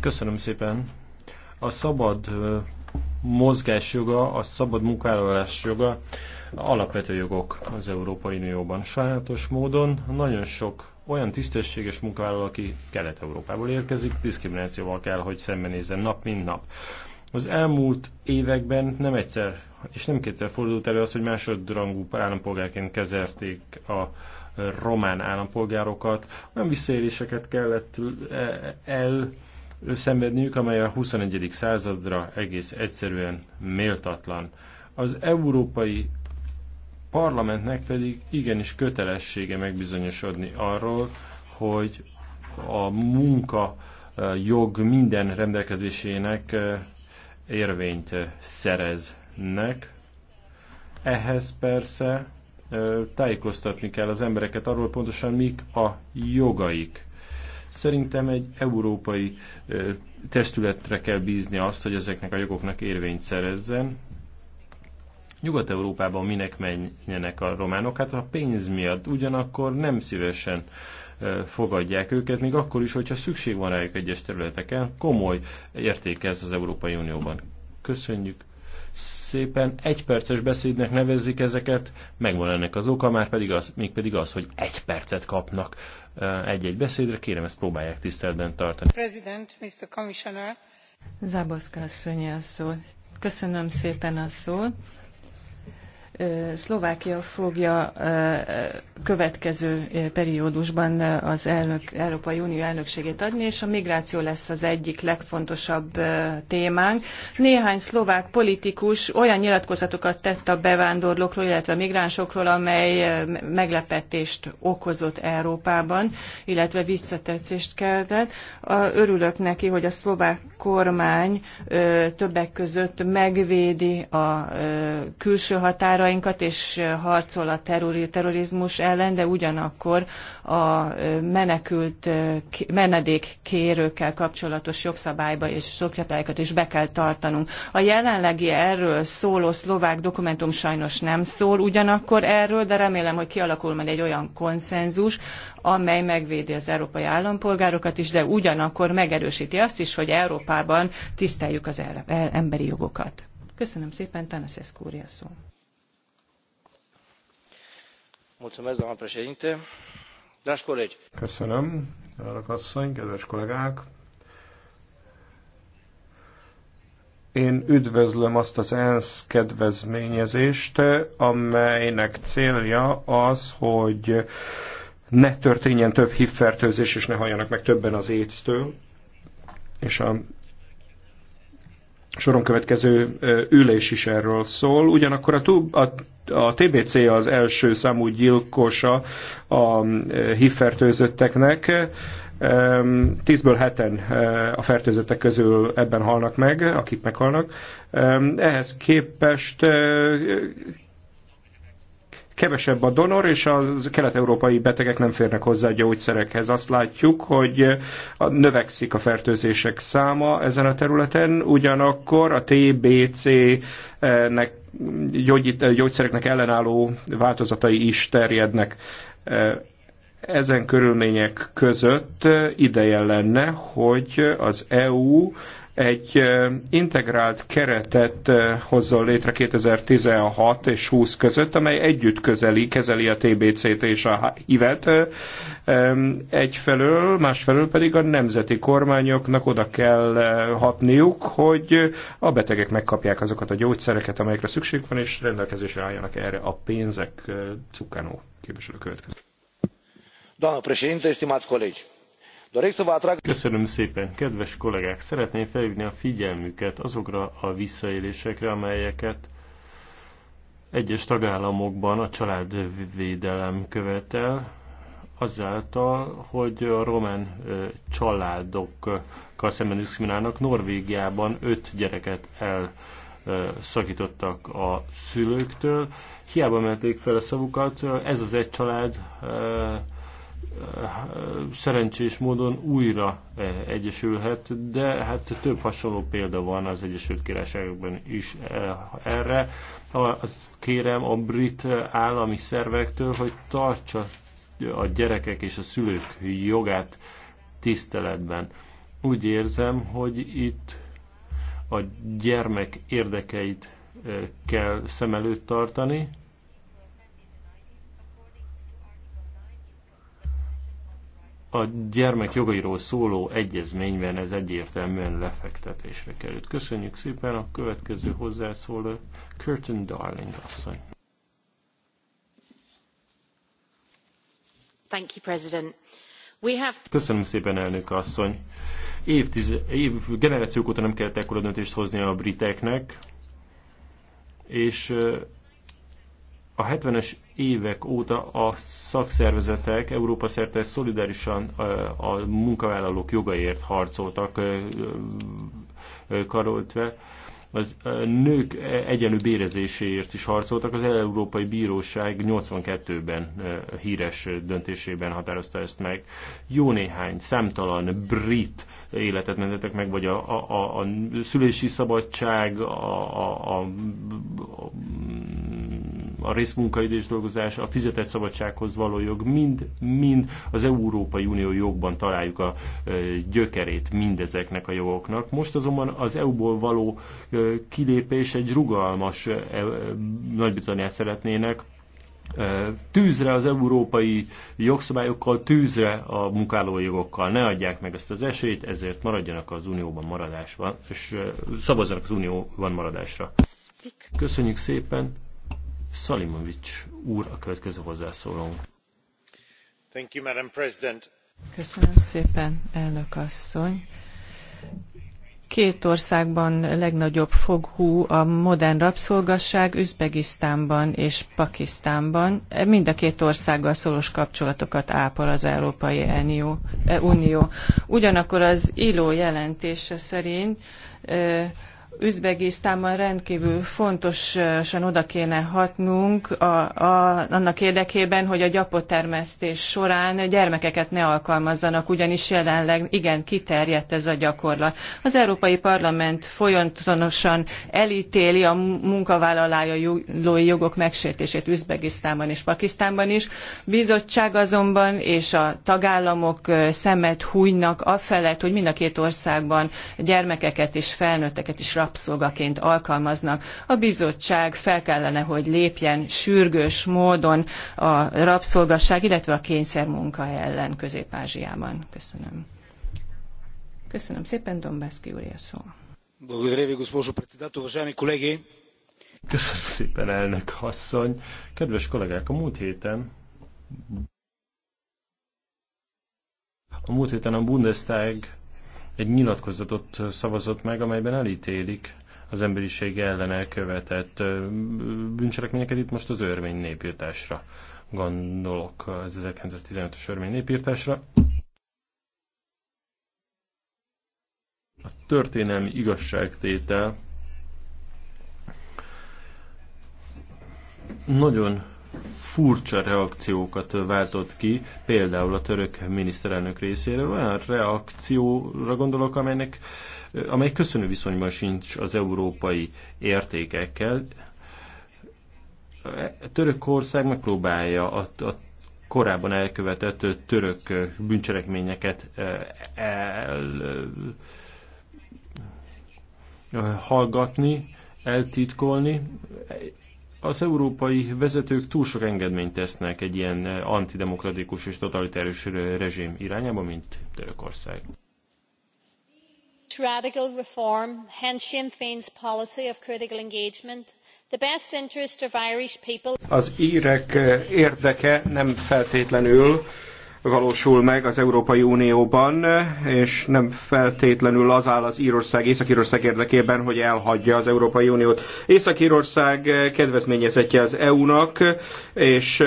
Köszönöm szépen. A szabad mozgás joga, a szabad munkavállalás joga alapvető jogok az Európai Unióban. Sajnálatos módon nagyon sok olyan tisztességes munkavállaló, aki Kelet-Európából érkezik, diszkriminációval kell, hogy szembenézzen nap, mint nap. Az elmúlt években nem egyszer és nem kétszer fordult elő az, hogy másodrangú állampolgárként kezelték a román állampolgárokat. Olyan visszaéléseket kellett el szenvedniük, amely a 21. századra egész egyszerűen méltatlan. Az európai parlamentnek pedig igenis kötelessége megbizonyosodni arról, hogy a munka jog minden rendelkezésének érvényt szereznek. Ehhez persze tájékoztatni kell az embereket arról pontosan, mik a jogaik. Szerintem egy európai testületre kell bízni azt, hogy ezeknek a jogoknak érvényt szerezzen. Nyugat-Európában minek menjenek a románok? Hát a pénz miatt ugyanakkor nem szívesen fogadják őket, még akkor is, hogyha szükség van rájuk egyes területeken, komoly értéke ez az Európai Unióban. Köszönjük szépen egyperces beszédnek nevezik ezeket, megvan ennek az oka, már pedig az, még pedig az, hogy egy percet kapnak eh, egy-egy beszédre, kérem ezt próbálják tiszteletben tartani. President, Mr. Commissioner. Zábaszka asszony a szó. Köszönöm szépen a szót. Szlovákia fogja következő periódusban az elnök, Európai Unió elnökségét adni, és a migráció lesz az egyik legfontosabb témánk. Néhány szlovák politikus olyan nyilatkozatokat tett a bevándorlókról, illetve a migránsokról, amely meglepetést okozott Európában, illetve visszatetszést keltett. Örülök neki, hogy a szlovák kormány többek között megvédi a külső határa határainkat, és harcol a terrorizmus ellen, de ugyanakkor a menekült menedékkérőkkel kapcsolatos jogszabályba és jogszabályokat is be kell tartanunk. A jelenlegi erről szóló szlovák dokumentum sajnos nem szól ugyanakkor erről, de remélem, hogy kialakul majd egy olyan konszenzus, amely megvédi az európai állampolgárokat is, de ugyanakkor megerősíti azt is, hogy Európában tiszteljük az emberi jogokat. Köszönöm szépen, Tanaszesz Kúria szó doamnă președinte dragi colegi Köszönöm, elnök asszony, kedves kollégák! Én üdvözlöm azt az ENSZ kedvezményezést, amelynek célja az, hogy ne történjen több HIV fertőzés, és ne halljanak meg többen az aids És a soron következő ülés is erről szól. Ugyanakkor a, a, a TBC az első számú gyilkosa a hívfertőzötteknek. Tízből heten a fertőzöttek közül ebben halnak meg, akik meghalnak. Ehhez képest kevesebb a donor, és a kelet-európai betegek nem férnek hozzá a gyógyszerekhez. Azt látjuk, hogy növekszik a fertőzések száma ezen a területen, ugyanakkor a TBC-nek gyógyszereknek ellenálló változatai is terjednek ezen körülmények között ideje lenne, hogy az EU egy integrált keretet hozzon létre 2016 és 20 között, amely együtt közeli, kezeli a TBC-t és a HIV-et. Egyfelől, másfelől pedig a nemzeti kormányoknak oda kell hatniuk, hogy a betegek megkapják azokat a gyógyszereket, amelyekre szükség van, és rendelkezésre álljanak erre a pénzek. Cukánó képviselő következő. Doamnă președinte, stimați colegi, Köszönöm szépen, kedves kollégák! Szeretném felhívni a figyelmüket azokra a visszaélésekre, amelyeket egyes tagállamokban a családvédelem követel, azáltal, hogy a román családokkal szemben diszkriminálnak. Norvégiában öt gyereket elszakítottak a szülőktől. Hiába menték fel a szavukat, ez az egy család szerencsés módon újra eh, egyesülhet, de hát több hasonló példa van az Egyesült Királyságokban is eh, erre. Azt kérem a brit eh, állami szervektől, hogy tartsa a gyerekek és a szülők jogát tiszteletben. Úgy érzem, hogy itt a gyermek érdekeit kell szem előtt tartani, a gyermek jogairól szóló egyezményben ez egyértelműen lefektetésre került. Köszönjük szépen a következő hozzászóló Curtin Darling asszony. Thank you, President. We have... Köszönöm szépen, elnök asszony. Évtiz, év, generációk óta nem kellett ekkora döntést hozni a briteknek, és a 70-es évek óta a szakszervezetek Európa szerte szolidárisan a munkavállalók jogaiért harcoltak karoltve. Az nők e, egyenlő bérezéséért is harcoltak. Az Európai Bíróság 82-ben híres döntésében határozta ezt meg. Jó néhány számtalan brit életet mentetek meg, vagy a, a, a, a szülési szabadság, a, a, a, a részmunkaidő és dolgozás, a fizetett szabadsághoz való jog, mind-mind az Európai Unió jogban találjuk a e, gyökerét mindezeknek a jogoknak. Most azonban az EU-ból való e, kilépés egy rugalmas e, Nagy-Britanniát szeretnének, tűzre az európai jogszabályokkal, tűzre a munkálójogokkal. Ne adják meg ezt az esélyt, ezért maradjanak az unióban maradásban, és szavazzanak az unióban maradásra. Köszönjük szépen. Szalimovics úr a következő hozzászólónk. Thank you, Madam President. Köszönöm szépen, elnök asszony Két országban legnagyobb foghú a modern rabszolgasság, Üzbegisztánban és Pakisztánban. Mind a két országgal szoros kapcsolatokat ápol az Európai Unió. Ugyanakkor az ILO jelentése szerint Üzbegisztánban rendkívül fontosan oda kéne hatnunk a, a, annak érdekében, hogy a gyapotermesztés során gyermekeket ne alkalmazzanak, ugyanis jelenleg igen kiterjedt ez a gyakorlat. Az Európai Parlament folyamatosan elítéli a munkavállalói jogok megsértését Üzbegisztánban és Pakisztánban is. Bizottság azonban és a tagállamok szemet hújnak afelett, hogy mind a két országban gyermekeket és felnőtteket is rabszolgaként alkalmaznak. A bizottság fel kellene, hogy lépjen sürgős módon a rabszolgasság, illetve a kényszermunka ellen Közép-Ázsiában. Köszönöm. Köszönöm szépen, Dombászki úr, a szó. Köszönöm szépen, elnök asszony. Kedves kollégák, a múlt héten a múlt héten a Bundestag egy nyilatkozatot szavazott meg, amelyben elítélik az emberiség ellen elkövetett bűncselekményeket, itt most az örmény népírtásra gondolok, az 1915-ös örmény népírtásra. A történelmi igazságtétel nagyon furcsa reakciókat váltott ki, például a török miniszterelnök részéről. Olyan reakcióra gondolok, amelynek, amely köszönő viszonyban sincs az európai értékekkel. Törökország megpróbálja a, a korábban elkövetett török bűncselekményeket e, el, e, hallgatni, eltitkolni az európai vezetők túl sok engedményt tesznek egy ilyen eh, antidemokratikus és totalitárius rezsim irányába, mint Törökország. Radical reform, hence Sinn Féin's policy of critical engagement, az írek eh, érdeke nem feltétlenül valósul meg az Európai Unióban, és nem feltétlenül az áll az Írország, Észak-Írország érdekében, hogy elhagyja az Európai Uniót. Észak-Írország kedvezményezetje az EU-nak, és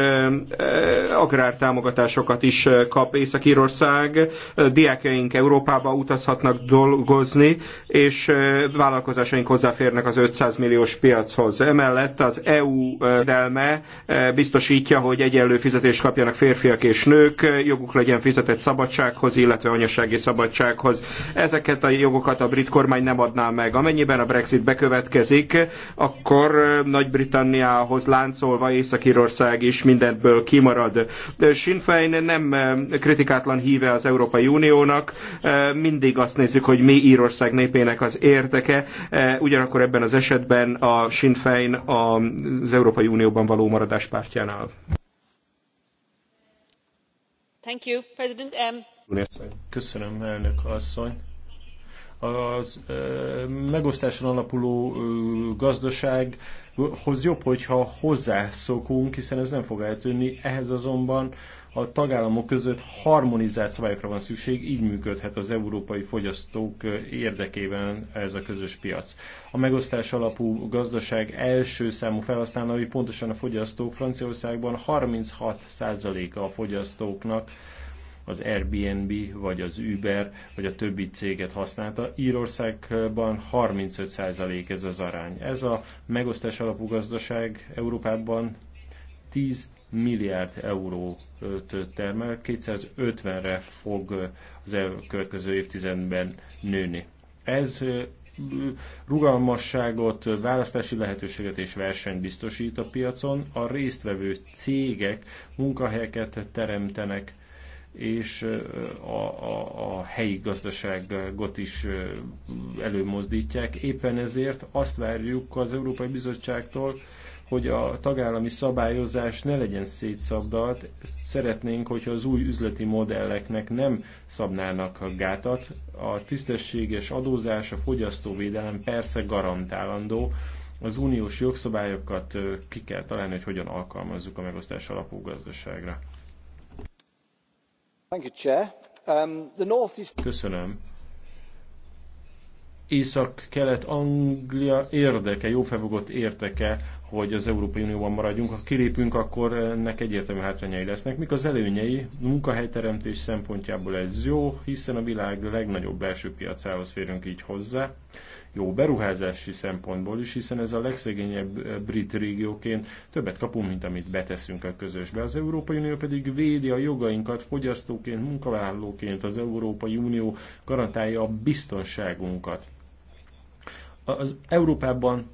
agrártámogatásokat is kap Észak-Írország. Diákjaink Európába utazhatnak dolgozni, és vállalkozásaink hozzáférnek az 500 milliós piachoz. Emellett az EU delme biztosítja, hogy egyenlő fizetést kapjanak férfiak és nők, joguk legyen fizetett szabadsághoz, illetve anyasági szabadsághoz. Ezeket a jogokat a brit kormány nem adná meg. Amennyiben a Brexit bekövetkezik, akkor Nagy-Britanniához láncolva Észak-Írország is mindenből kimarad. Sinn Féin nem kritikátlan híve az Európai Uniónak, mindig azt nézzük, hogy mi Írország népének az érteke, ugyanakkor ebben az esetben a Sinn Féin az Európai Unióban való maradás pártjánál. Thank you, President M. Köszönöm, elnök asszony az megosztáson alapuló gazdasághoz jobb, hogyha hozzászokunk, hiszen ez nem fog eltűnni. Ehhez azonban a tagállamok között harmonizált szabályokra van szükség, így működhet az európai fogyasztók érdekében ez a közös piac. A megosztás alapú gazdaság első számú felhasználói pontosan a fogyasztók Franciaországban 36%-a a fogyasztóknak az Airbnb, vagy az Uber, vagy a többi céget használta. Írországban 35% ez az arány. Ez a megosztás alapú gazdaság Európában 10 milliárd eurót termel, 250-re fog az elkövetkező évtizedben nőni. Ez rugalmasságot, választási lehetőséget és versenyt biztosít a piacon, a résztvevő cégek munkahelyeket teremtenek, és a, a, a helyi gazdaságot is előmozdítják. Éppen ezért azt várjuk az Európai Bizottságtól, hogy a tagállami szabályozás ne legyen szétszabdalt. Szeretnénk, hogyha az új üzleti modelleknek nem szabnának a gátat. A tisztességes adózás, a fogyasztóvédelem persze garantálandó. Az uniós jogszabályokat ki kell találni, hogy hogyan alkalmazzuk a megosztás alapú gazdaságra. Um, Köszönöm. Észak-Kelet-Anglia érdeke, jófevogott érdeke hogy az Európai Unióban maradjunk. Ha kilépünk, akkor ennek egyértelmű hátrányai lesznek. Mik az előnyei? Munkahelyteremtés szempontjából ez jó, hiszen a világ legnagyobb belső piacához férünk így hozzá. Jó beruházási szempontból is, hiszen ez a legszegényebb brit régióként többet kapunk, mint amit beteszünk a közösbe. Az Európai Unió pedig védi a jogainkat fogyasztóként, munkavállalóként. Az Európai Unió garantálja a biztonságunkat. Az Európában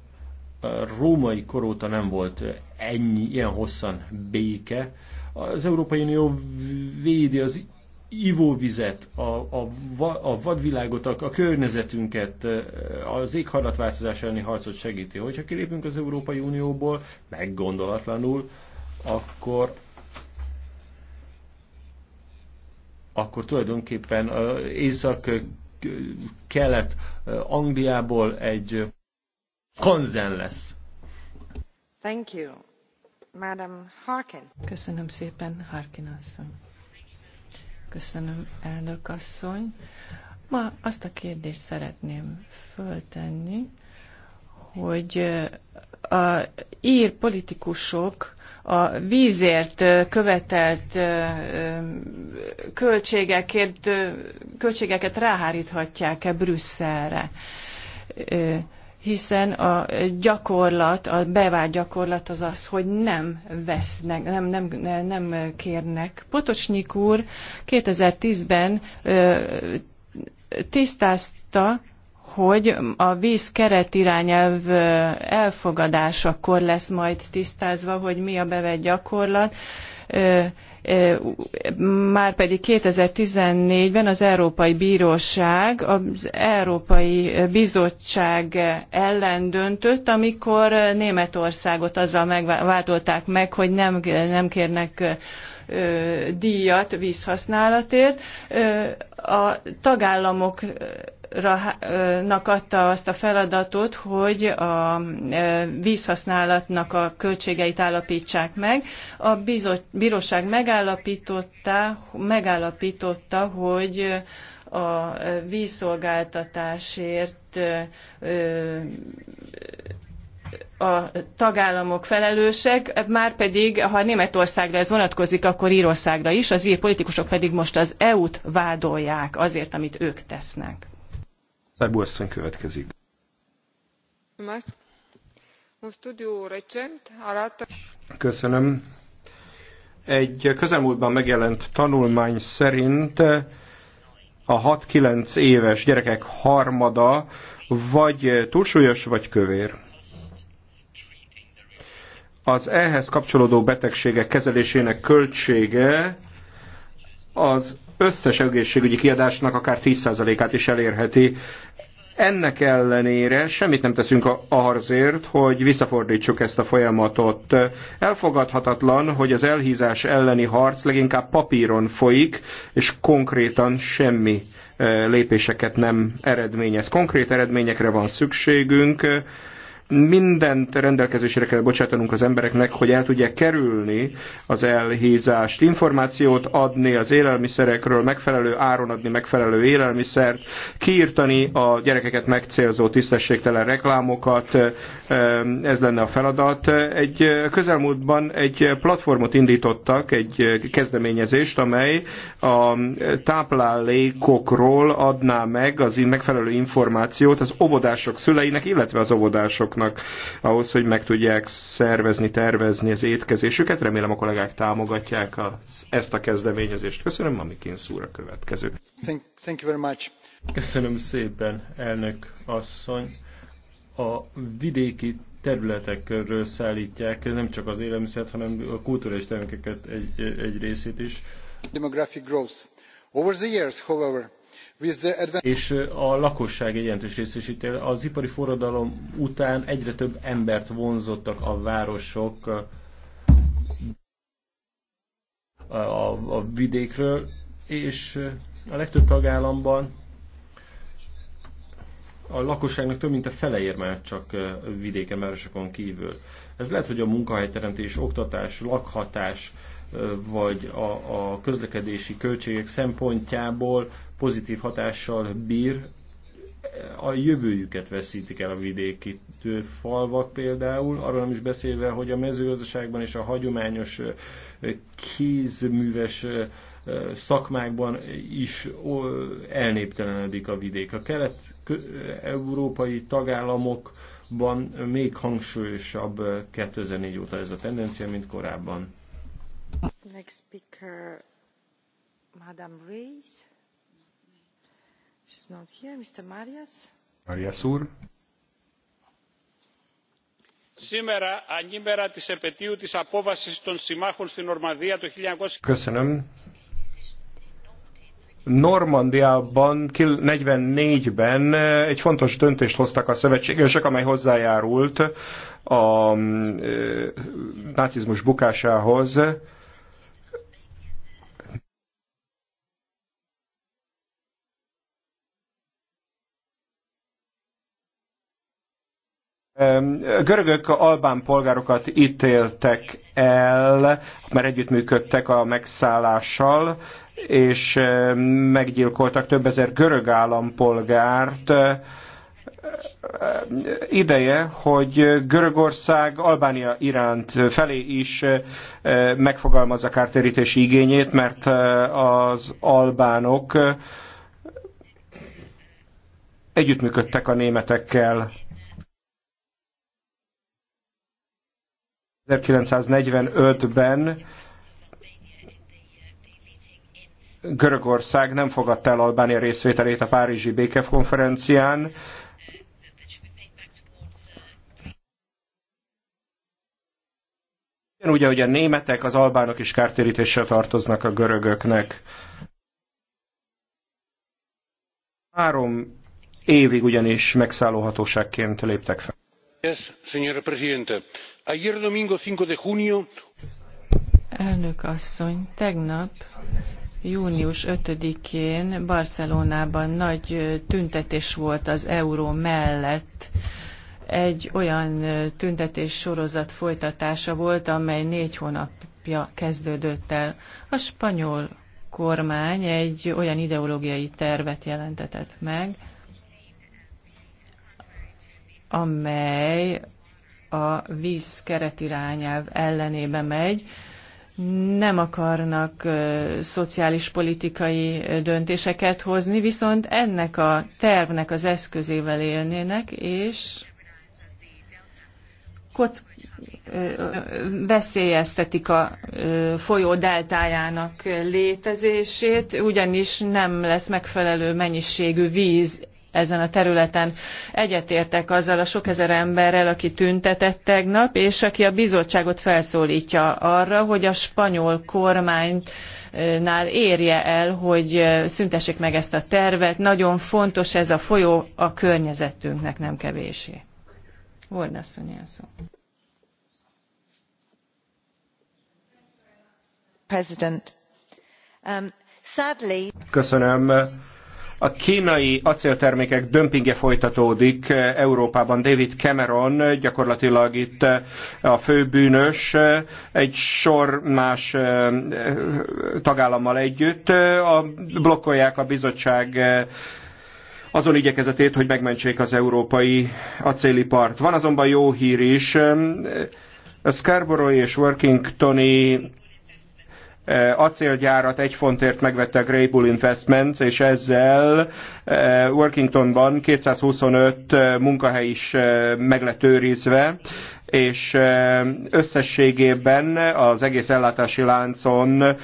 római koróta nem volt ennyi, ilyen hosszan béke. Az Európai Unió védi az ivóvizet, a, a, a vadvilágot, a, a környezetünket, az éghajlatváltozás elleni harcot segíti. Hogyha kilépünk az Európai Unióból, meggondolatlanul, akkor akkor tulajdonképpen észak-kelet Angliából egy konzen lesz. Thank you. Madam Harkin. Köszönöm szépen, Harkin asszony. Köszönöm, elnök asszony. Ma azt a kérdést szeretném föltenni, hogy a ír politikusok a vízért követelt költségeket, költségeket ráháríthatják-e Brüsszelre hiszen a gyakorlat, a bevált gyakorlat az az, hogy nem vesznek, nem, nem, nem kérnek. Potocsnyik úr 2010-ben tisztázta, hogy a víz keretirányelv elfogadásakor lesz majd tisztázva, hogy mi a bevett gyakorlat már pedig 2014-ben az Európai Bíróság az Európai Bizottság ellen döntött, amikor Németországot azzal megvádolták meg, hogy nem, nem kérnek díjat vízhasználatért. A tagállamok nak adta azt a feladatot, hogy a e, vízhasználatnak a költségeit állapítsák meg. A bíróság megállapította, megállapította, hogy a vízszolgáltatásért e, a tagállamok felelősek, már pedig, ha Németországra ez vonatkozik, akkor Írországra is, az ír politikusok pedig most az EU-t vádolják azért, amit ők tesznek. Szerbu asszony következik. Köszönöm. Egy közelmúltban megjelent tanulmány szerint a 6-9 éves gyerekek harmada vagy túlsúlyos, vagy kövér. Az ehhez kapcsolódó betegségek kezelésének költsége az összes egészségügyi kiadásnak akár 10%-át is elérheti. Ennek ellenére semmit nem teszünk azért, hogy visszafordítsuk ezt a folyamatot. Elfogadhatatlan, hogy az elhízás elleni harc leginkább papíron folyik, és konkrétan semmi eh, lépéseket nem eredményez. Konkrét eredményekre van szükségünk mindent rendelkezésre kell bocsátanunk az embereknek, hogy el tudják kerülni az elhízást, információt adni az élelmiszerekről, megfelelő áron adni megfelelő élelmiszert, kiirtani a gyerekeket megcélzó tisztességtelen reklámokat, eh, ez lenne a feladat. Egy közelmúltban egy platformot indítottak, egy kezdeményezést, amely a táplálékokról adná meg az megfelelő információt az óvodások szüleinek, illetve az óvodások lakosoknak ahhoz, hogy meg tudják szervezni, tervezni az étkezésüket. Remélem a kollégák támogatják a, ezt a kezdeményezést. Köszönöm, Mamikin a következő. Thank, thank you very much. Köszönöm szépen, elnök asszony. A vidéki területekről szállítják nem csak az élelmiszert, hanem a kulturális termékeket egy, egy részét is. Demographic growth. Over the years, however, és a lakosság egy jelentős részesítő. Az ipari forradalom után egyre több embert vonzottak a városok a, a, a vidékről, és a legtöbb tagállamban a lakosságnak több mint a fele ér már csak vidéken, városokon kívül. Ez lehet, hogy a munkahelyteremtés, oktatás, lakhatás, vagy a, a közlekedési költségek szempontjából pozitív hatással bír, a jövőjüket veszítik el a vidéki falvak például, arról nem is beszélve, hogy a mezőgazdaságban és a hagyományos kézműves szakmákban is elnéptelenedik a vidék. A kelet-európai tagállamokban még hangsúlyosabb 2004 óta ez a tendencia, mint korábban. Next speaker, Madame Rees. She's not here. Mr. Marias. Marias úr. Σήμερα, ανήμερα της επαιτίου της απόβασης των συμμάχων στην Ορμανδία το 1900... Köszönöm. Normandiában 44-ben eh, egy fontos döntést hoztak a szövetségesek, amely hozzájárult a eh, nácizmus bukásához. A görögök albán polgárokat ítéltek el, mert együttműködtek a megszállással, és meggyilkoltak több ezer görög állampolgárt. Ideje, hogy Görögország Albánia iránt felé is megfogalmazza kártérítési igényét, mert az albánok együttműködtek a németekkel 1945-ben Görögország nem fogadta el Albánia részvételét a Párizsi békekonferencián. Ugyanúgy, ahogy a németek, az albánok is kártérítéssel tartoznak a görögöknek. Három évig ugyanis megszállóhatóságként léptek fel señora presidenta ayer domingo cinco de junio. elnök asszony tegnap június five én barcelonában nagy tüntetés volt az euró mellett egy olyan tüntetés sorozat folytatása volt amely négy hónapja kezdődött el a spanyol kormány egy olyan ideológiai tervet jelentetett meg amely a víz keretirányelv ellenébe megy, nem akarnak uh, szociális politikai döntéseket hozni, viszont ennek a tervnek az eszközével élnének, és kock, uh, veszélyeztetik a uh, folyó deltájának létezését, ugyanis nem lesz megfelelő mennyiségű víz ezen a területen. Egyetértek azzal a sok ezer emberrel, aki tüntetett tegnap, és aki a bizottságot felszólítja arra, hogy a spanyol kormánynál érje el, hogy szüntessék meg ezt a tervet. Nagyon fontos ez a folyó a környezetünknek, nem kevésé. Hordasszony szó. President. Um, sadly... Köszönöm. A kínai acéltermékek dömpingje folytatódik eh, Európában. David Cameron eh, gyakorlatilag itt eh, a főbűnös egy sor más tagállammal együtt a, blokkolják a bizottság azon igyekezetét, hogy megmentsék az európai acélipart. Van azonban jó hír is. A Scarborough és Workingtoni E, acélgyárat egy fontért megvette a Grey Bull Investments, és ezzel e, Workingtonban 225 e, munkahely is meg lett őrizve és összességében az egész ellátási láncon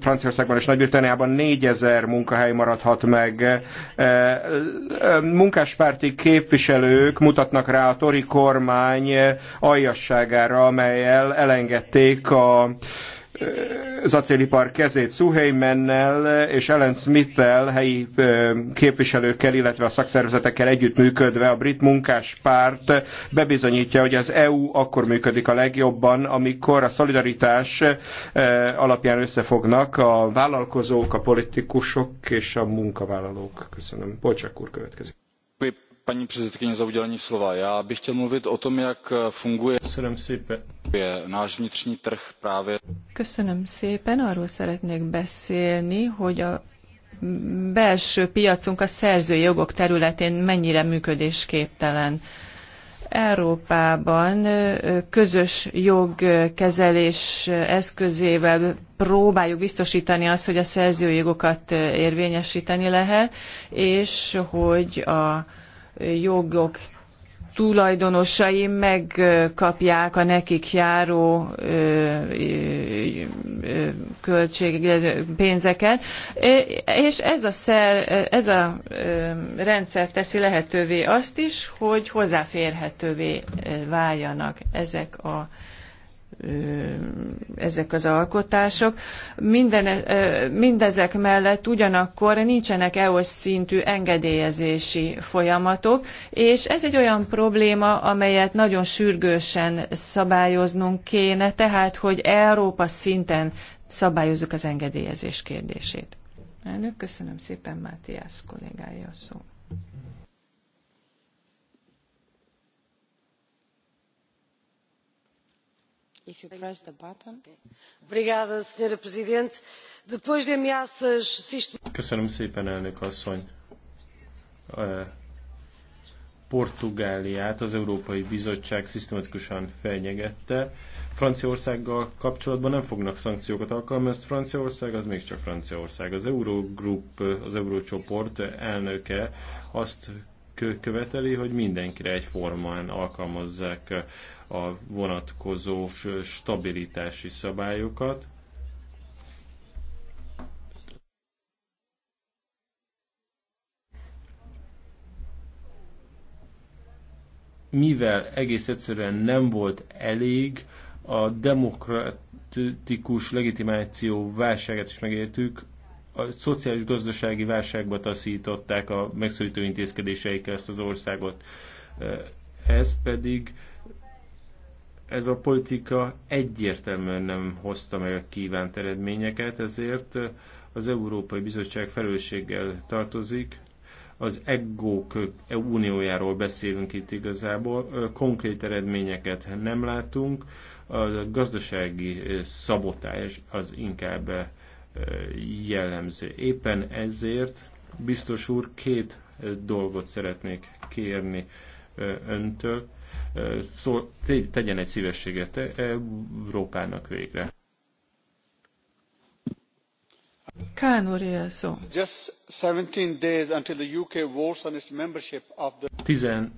Franciaországban és Nagy-Britanniában 4000 munkahely maradhat meg. Munkáspárti képviselők mutatnak rá a Tori kormány aljasságára, amelyel elengedték a az acélipar kezét Suheimennel és Ellen smith helyi képviselőkkel, illetve a szakszervezetekkel együttműködve a brit munkáspárt bebizonyítja, hogy az EU akkor működik a legjobban, amikor a szolidaritás alapján összefognak a vállalkozók, a politikusok és a munkavállalók. Köszönöm. Polcsák úr következik paní předsedající já bych chtěl mluvit o tom jak eh, funguje náš vnitřní trh právě. köszönöm szépen arról szeretnék beszélni hogy a belső piacunk a szerzői jogok területén mennyire működésképtelen. Európában közös jogkezelés eszközével próbáljuk biztosítani azt, hogy a szerzői jogokat érvényesíteni lehet, és hogy a jogok tulajdonosai megkapják a nekik járó költség, pénzeket, és ez a, szer, ez a rendszer teszi lehetővé azt is, hogy hozzáférhetővé váljanak ezek a ezek az alkotások. Minden, mindezek mellett ugyanakkor nincsenek EOS szintű engedélyezési folyamatok, és ez egy olyan probléma, amelyet nagyon sürgősen szabályoznunk kéne, tehát hogy Európa szinten szabályozzuk az engedélyezés kérdését. Elnök, köszönöm szépen, Mátiász kollégája a szó. Köszönöm szépen, elnök asszony. Portugáliát az Európai Bizottság szisztematikusan fenyegette. Franciaországgal kapcsolatban nem fognak szankciókat alkalmazni. Franciaország az mégiscsak Franciaország. Az Eurogroup, az Eurócsoport elnöke azt követeli, hogy mindenkire egyformán alkalmazzák a vonatkozó stabilitási szabályokat, mivel egész egyszerűen nem volt elég, a demokratikus legitimáció válságát is megértük, a szociális gazdasági válságba taszították a megszorító intézkedéseikkel ezt az országot. Ez pedig ez a politika egyértelműen nem hozta meg a kívánt eredményeket, ezért az Európai Bizottság felelősséggel tartozik. Az EGGÓK uniójáról beszélünk itt igazából, konkrét eredményeket nem látunk, a gazdasági szabotás az inkább jellemző. Éppen ezért, biztos úr, két dolgot szeretnék kérni öntől. Szó, tegyen egy szívességet Európának végre. Kán szó. Just 17 days until the UK votes on its membership of the...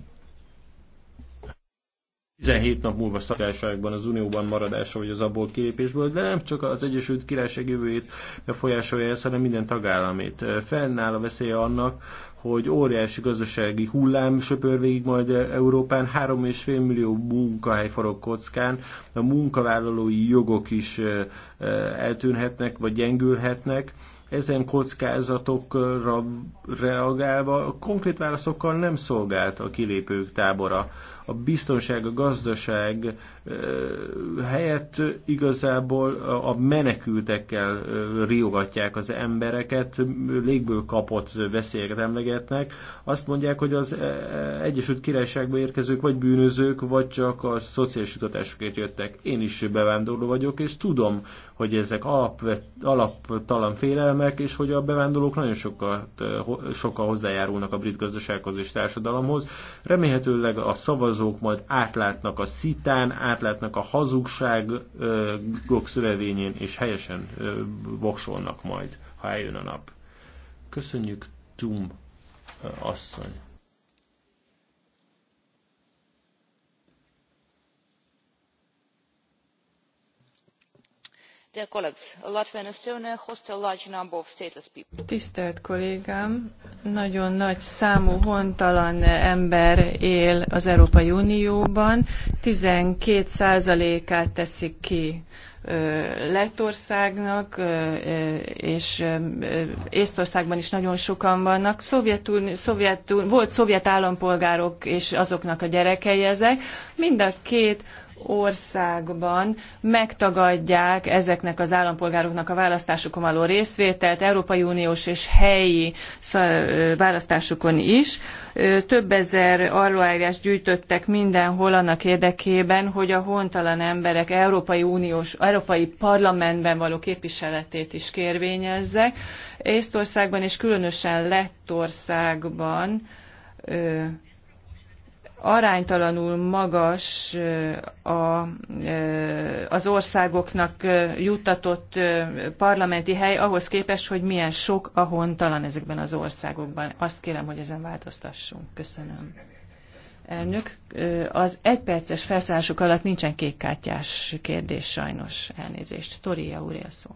17 nap múlva szakálságban az unióban maradása vagy az abból kilépésből, de nem csak az Egyesült Királyság jövőjét befolyásolja ezt, hanem minden tagállamét. Fennáll a veszélye annak, hogy óriási gazdasági hullám söpör végig majd Európán, 3,5 millió munkahely forog kockán, a munkavállalói jogok is eltűnhetnek vagy gyengülhetnek, ezen kockázatokra reagálva konkrét válaszokkal nem szolgált a kilépők tábora a biztonság, a gazdaság helyett igazából a menekültekkel riogatják az embereket, légből kapott veszélyeket emlegetnek. Azt mondják, hogy az e, Egyesült Királyságba érkezők vagy bűnözők, vagy csak a szociális jutatásokért jöttek. Én is bevándorló vagyok, és tudom, hogy ezek alapvet, alaptalan félelmek, és hogy a bevándorlók nagyon sokat, sokkal hozzájárulnak a brit gazdasághoz és társadalomhoz. Remélhetőleg a szavaz azok majd átlátnak a szitán, átlátnak a hazugságok szövevényén, és helyesen voksolnak majd, ha eljön a nap. Köszönjük, Tum asszony! Tisztelt kollégám, nagyon nagy számú hontalan ember él az Európai Unióban, twelve át teszik ki Lettországnak, és Észtországban is nagyon sokan vannak. Szovjetun, Szovjetun, volt szovjet állampolgárok és azoknak a gyerekei ezek. Mind a két országban megtagadják ezeknek az állampolgároknak a választásokon való részvételt, Európai Uniós és helyi választásokon is. Több ezer arlóárást gyűjtöttek mindenhol annak érdekében, hogy a hontalan emberek Európai Uniós, Európai Parlamentben való képviseletét is kérvényezzek. Észtországban és különösen Lettországban aránytalanul magas a, az országoknak juttatott parlamenti hely ahhoz képest, hogy milyen sok a hontalan ezekben az országokban. Azt kérem, hogy ezen változtassunk. Köszönöm. Elnök, az egyperces felszállások alatt nincsen kékkártyás kérdés sajnos. Elnézést. Toria úr, szó.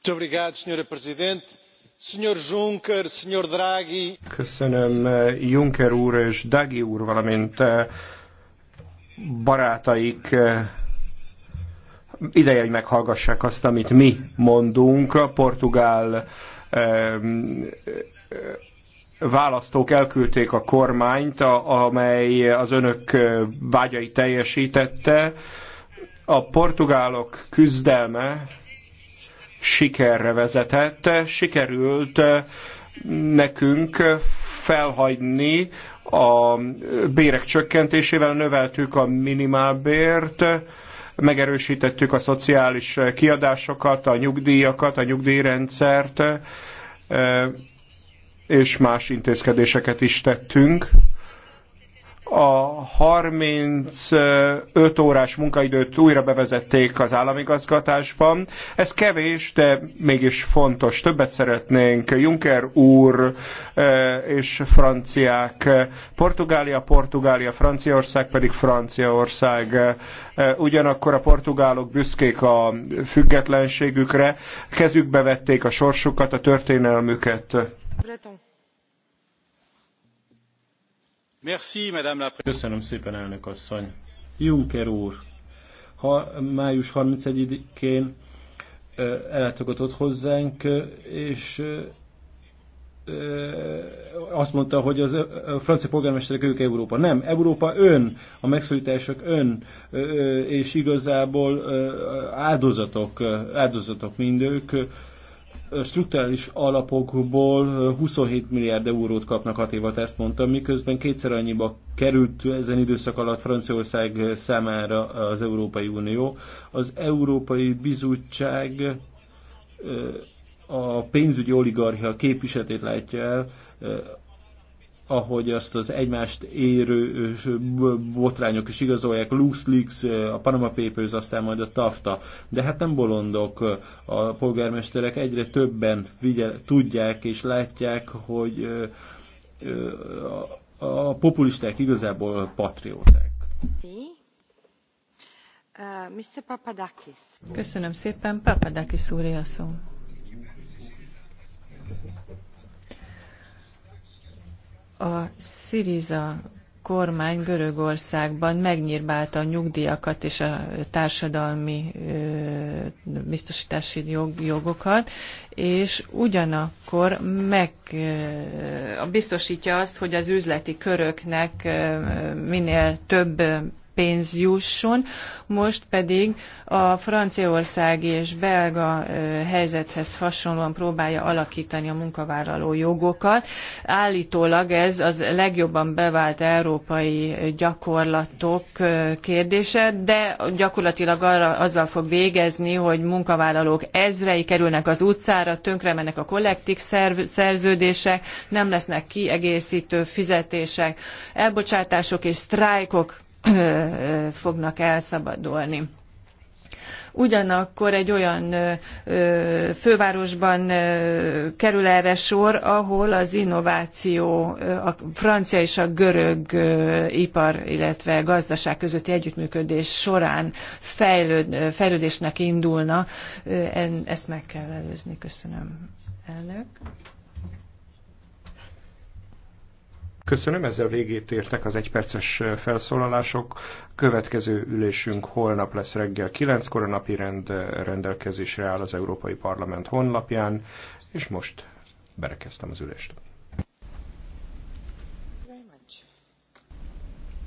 Muito obrigado, Sr. Juncker, Sr. Draghi. Köszönöm eh, Juncker úr és Draghi úr, valamint eh, barátaik eh, ideje, hogy meghallgassák azt, amit mi mondunk. A portugál választók elküldték a kormányt, amely az önök vágyait teljesítette. A portugálok küzdelme sikerre vezetett. Sikerült eh, nekünk felhagyni a bérek csökkentésével, növeltük a minimálbért, megerősítettük a szociális kiadásokat, a nyugdíjakat, a nyugdíjrendszert, eh, és más intézkedéseket is tettünk a 35 órás munkaidőt újra bevezették az államigazgatásban. Ez kevés, de mégis fontos. Többet szeretnénk. Juncker úr e, és franciák, Portugália, Portugália, Franciaország pedig Franciaország. E, ugyanakkor a portugálok büszkék a függetlenségükre, kezükbe vették a sorsukat, a történelmüket. Breton. Köszönöm szépen, elnök asszony. Juncker úr, ha, május 31-én ellátogatott hozzánk, és azt mondta, hogy az francia polgármesterek ők Európa. Nem, Európa ön, a megszólítások ön, és igazából áldozatok, áldozatok ők strukturális alapokból 27 milliárd eurót kapnak hat évat, ezt mondtam, miközben kétszer annyiba került ezen időszak alatt Franciaország számára az Európai Unió. Az Európai Bizottság a pénzügyi oligarchia képviseletét látja el, ahogy azt az egymást érő botrányok is igazolják, LuxLeaks, a Panama Papers, aztán majd a TAFTA. De hát nem bolondok a polgármesterek, egyre többen figyel, tudják és látják, hogy a populisták igazából patrióták. Mr. Papadakis. Köszönöm szépen, Papadakis úr a szó a Siriza kormány Görögországban megnyírbálta a nyugdíjakat és a társadalmi biztosítási jog, jogokat, és ugyanakkor meg biztosítja azt, hogy az üzleti köröknek minél több pénz jusson, most pedig a franciaországi és belga helyzethez hasonlóan próbálja alakítani a munkavállaló jogokat. Állítólag ez az legjobban bevált európai gyakorlatok kérdése, de gyakorlatilag arra, azzal fog végezni, hogy munkavállalók ezrei kerülnek az utcára, tönkre mennek a kollektív szerződések, nem lesznek kiegészítő fizetések, elbocsátások és sztrájkok fognak elszabadulni. Ugyanakkor egy olyan fővárosban kerül erre sor, ahol az innováció, a francia és a görög ipar, illetve gazdaság közötti együttműködés során fejlőd, fejlődésnek indulna. Ezt meg kell előzni. Köszönöm, elnök. Köszönöm, ezzel végét értek az egyperces felszólalások. Következő ülésünk holnap lesz reggel 9-kor, a napi rend rendelkezésre áll az Európai Parlament honlapján, és most berekeztem az ülést.